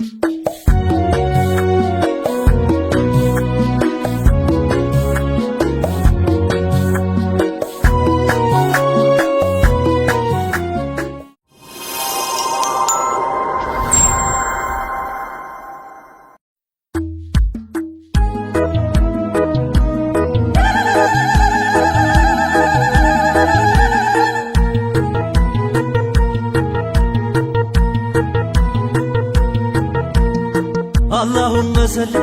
Thank you.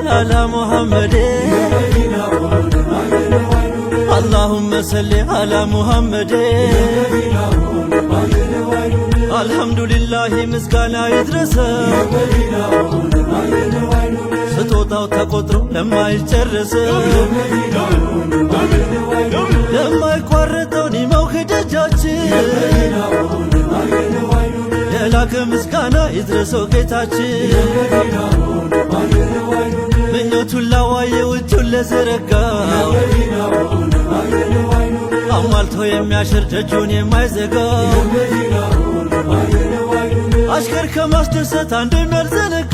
على محمد اللهم صل على ሙሐመዴ አልሐምዱሊላህ ምስጋና ይድረሰ ስጦታው ተቆጥሮ ለማይጨርስ ለማይቋረጠው ኒማው የላከ ምስጋና ይድረሰው ጌታችን እጁን ላዋየው እጁን ለዘረጋ አሟልቶ የሚያሽር ደጁን የማይዘጋ አሽከር ከማስደሰት አንድም ያልዘነጋ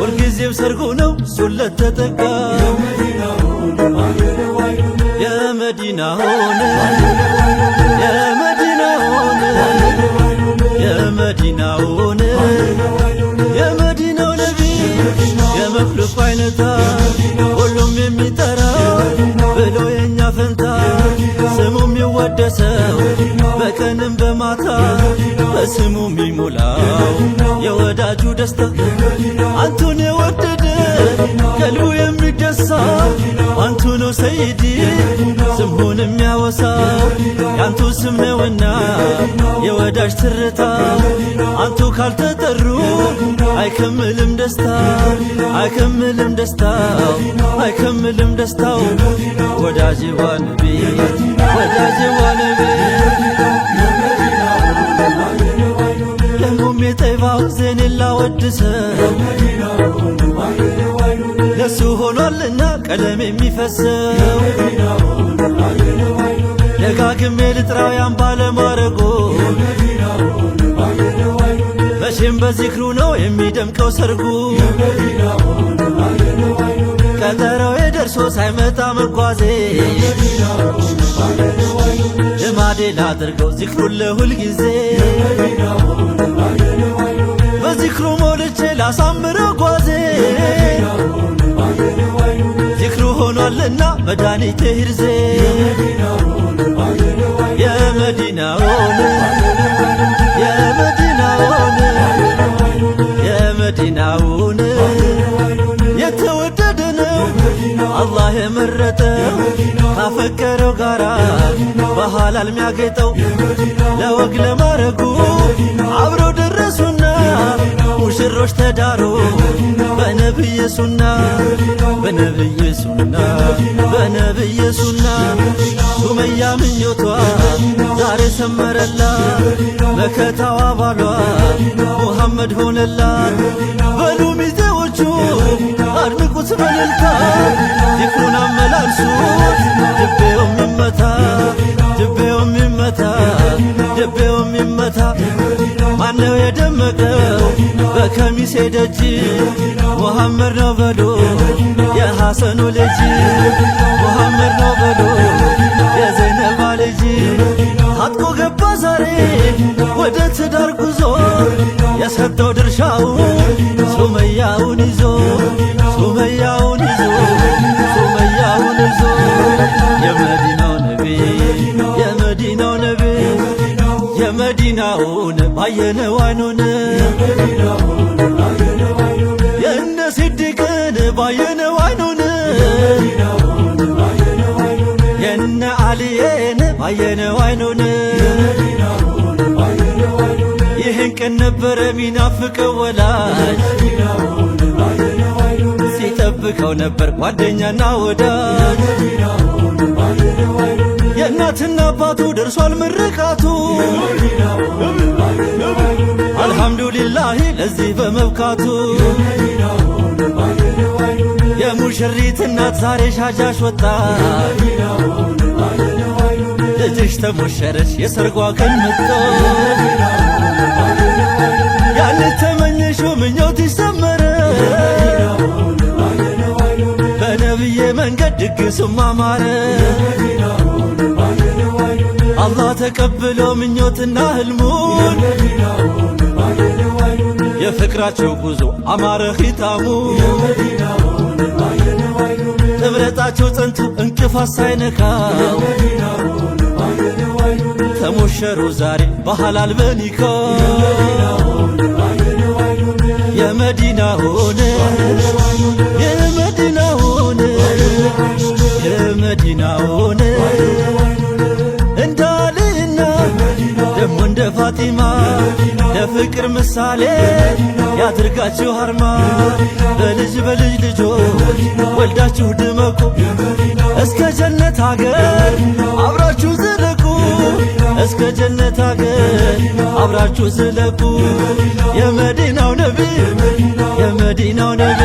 ሁልጊዜም ሰርጉ ነው ሱለት ተጠጋ የሚደሰው በቀንም በማታ በስሙ የሚሞላው የወዳጁ ደስታ አንቱን የወደደ ከልቡ የሚደሳ አንቱ ነው ሰይዲ ስሙን የሚያወሳ የአንቱ ስም ነውና የወዳጅ ትርታ አንቱ ካልተጠሩ አይከምልም ደስታ አይከምልም ደስታ አይከምልም ደስታው ወዳጅ ዋንቢ ወዳጅ ዋንቤ ለሙሜ ጠይባ ሁሴን ላወድሰ ለሱ ሆኗልና ቀለም የሚፈሰው ደጋግሜ ልጥራው ያን ባለማረጎ መቼም በዚክሩ ነው የሚደምቀው ሰርጉ ያልዘረው የደርሶ ሳይመጣ መጓዜ ልማዴ ላድርገው ዚክሩን ለሁል ጊዜ በዚክሩ ሞልቼ ላሳምረው ጓዜ ዚክሩ ሆኗልና መድኃኒቴ ሂርዜ የመዲናውን የመዲናውን የመዲናውን አላህ የመረጠው ካፈቀረው ጋራ በሐላል ሚያጌጠው ለወግ ለማረጉ አብረው ደረሱና ሙሽሮች ተዳሩ በነብይ ሱና በነብይ ሱና በነብይ ሱና ሱመያ ምኞቷ ዛሬ ሰመረላ መከታዋ ባሏ ሙሐመድ ሆነላ በሉ ሚዜዎቹ አድንቁት በልልታ ይክሩን አመላልሱ ልቤው ሚመታ ልቤው ሚመታ ልቤው ሚመታ ማነው የደመቀው በከሚሴ ደጅ መሐመድ ነው በሎ የሐሰኑ ልጅ መሐመድ ነው በሎ የዘይነባ ልጅ አጥቆ ገባ ዛሬ ወደ ትዳር ጉዞ የሰጠው ድርሻው አየነ ዋይኖን የእነ ሲድቅን ባየነ ዋይኖን የእነ አልየን ባየነ ዋይኖን ይህን ቀን ነበረ ሚናፍቀው ወላጅ ሲጠብቀው ነበር ጓደኛና ወዳጅ የእናትና አባቱ ደርሷል ምርቃቱ። አልሐምዱሊላህ ለዚህ በመብካቱ። የሙሽሪት እናት ዛሬ ሻጃሽ ወጣ ልጅሽ ተሞሸረች የሰርጓ ቀን መጥቶ ያልተመኘሽው ምኞት ይሰመረ የነብዬ መንገድ ድግሱም አማረ አላህ ተቀብሎ ምኞትና ህልሙን የፍቅራቸው ጉዞ አማረ ኺታሙ ጥምረታቸው ጸንቶ እንቅፋት ሳይነካ ተሞሸሩ ዛሬ በሐላል በኒካ የመዲና ሆነ መዲናውን እንዳልና ደሞ እንደ ፋቲማ ለፍቅር ምሳሌ ያድርጋችሁ አርማ በልጅ በልጅ ልጆች ወልዳችሁ ድመቁ እስከ ጀነት አገር አብራችሁ ዝለቁ እስከ ጀነት አገር አብራችሁ ዝለቁ የመዲናው ነቢ የመዲናው ነቢ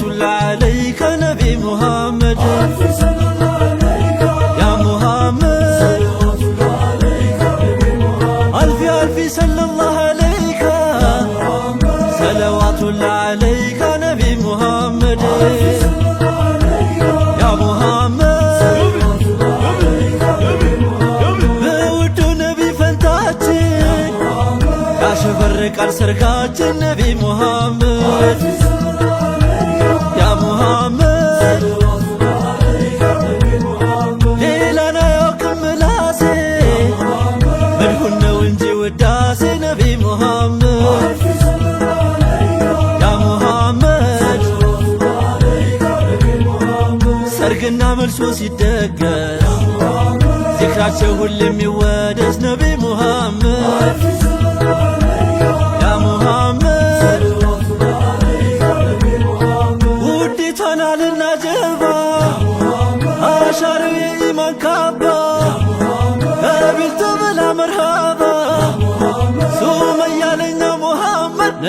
صلاة عليك نبي محمد عليك يا محمد عليك نبي ألف ألف صلى الله عليك يا صلوات عليك نبي محمد ألف صلاة عليك يا شفر قال سركات ነቢ ሙሐመድ ውዳሴ ነቢ ሙሐመድ ያ ሙሐመድ ሰርግና መልሶ ሲደገስ ዚክራቸው ሁሌም ይወ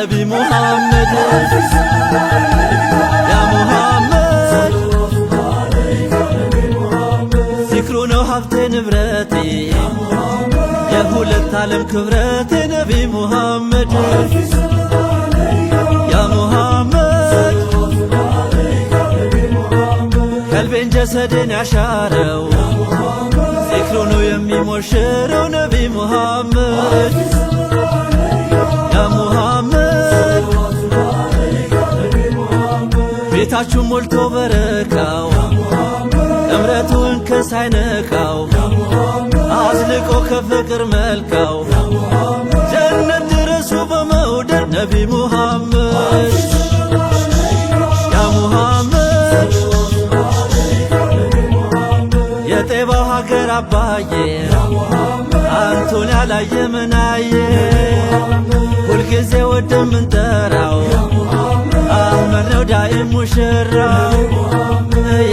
نبي محمد يا محمد ذكرنا وحبتين براتي يا محمد هول التعلم كبراتي نبي محمد يا محمد قلبين جسدين عشارو ذكرنا يمي مرشارو نبي محمد ቤታችሁ ሞልቶ በረካው እምረቱን ከሳይነካው አዝልቆ ከፍቅር መልካው ጀነት ድረሱ በመውደድ ነቢ ሙሐመድ ያ ሙሐመድ የጤባው ሀገር አባዬ አንቶን ያላየ ምናየ ሁልጊዜ ወደምንጠራው ያመረው ዳይም ሙሽራ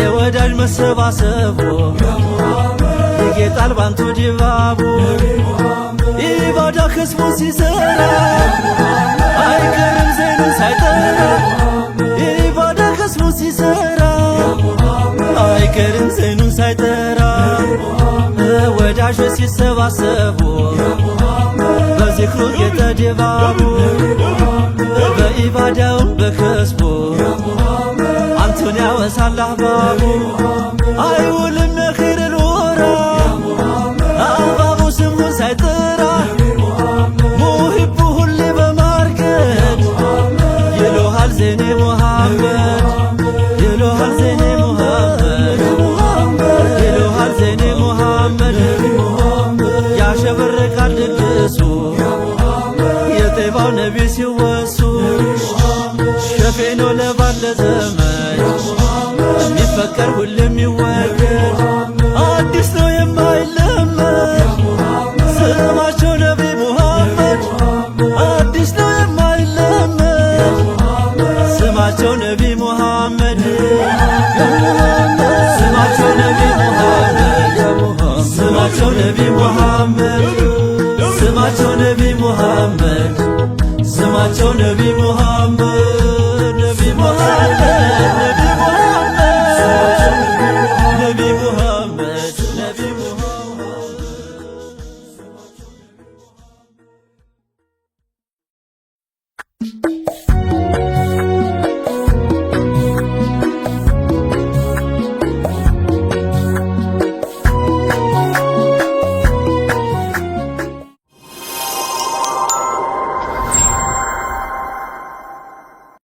የወዳጅ መሰባሰቡ ይጌጣል ባንቱ ድባቡ ይባዳ ህዝቡን ሲዘራ አይቀርም ዜኑን ሳይጠራ ይባዳ ህዝቡን ሲዘራ አይቀርም ዜኑን ሳይጠራ ወዳጆች ሲሰባሰቡ በዚክሩ ጌተ ድባቡ ኢባዳውን በከስቦ አንተን ያወሳል አህባቡ አይውልና ኸይረል ወራ አህባቡ ስሙን ሳይጠራ የሚፈቀር ሁሉም ይወደድ አዲስ ነው የማይለመድ ስማቸው ነቢ ሙሐመድ አዲስ ነው የማይለመድ ስማቸው ነቢ ሙሐመድ ስማቸው ነቢ ሙሐመድ ስማቸው ነቢ ሙሐመድ ስማቸው ነቢ ሙሐመድ ስማቸው ነቢ ሙሐመድ